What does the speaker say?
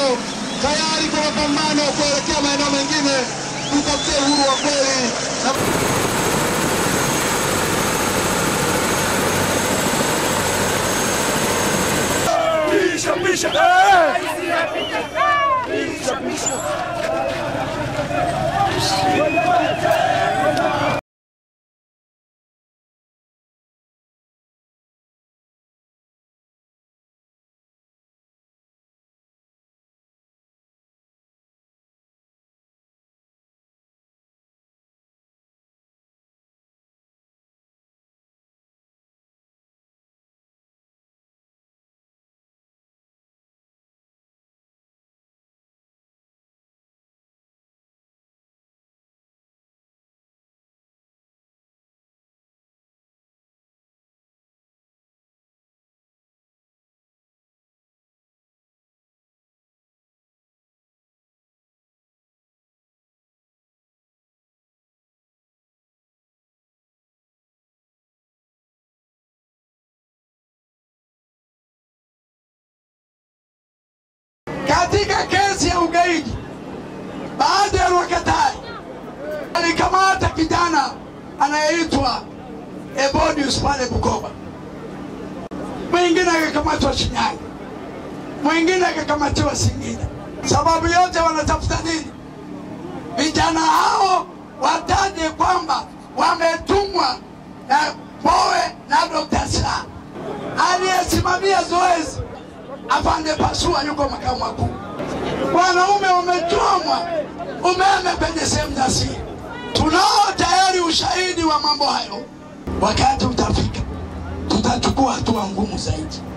mapambano, tayari kwa mapambano kuelekea maeneo mengine kutafutia uhuru wa kweli. Pisha pisha, pisha pisha, pisha pisha. katika kesi ya ugaidi baada ya Rwakatai alikamata kijana anayeitwa Ebonius pale Bukoba, mwingine akakamatwa Shinyanga, mwingine akakamatiwa Singida. Sababu yote wanatafuta nini? Vijana hao wataje kwamba wametumwa na Mbowe na Dr. Slaa aliyesimamia zoezi Afande Pasua yuko makamu makuu Wanaume umechomwa umeme kwenye sehemu za siri. Tunao tayari ushahidi wa mambo hayo. Wakati utafika, tutachukua hatua ngumu zaidi.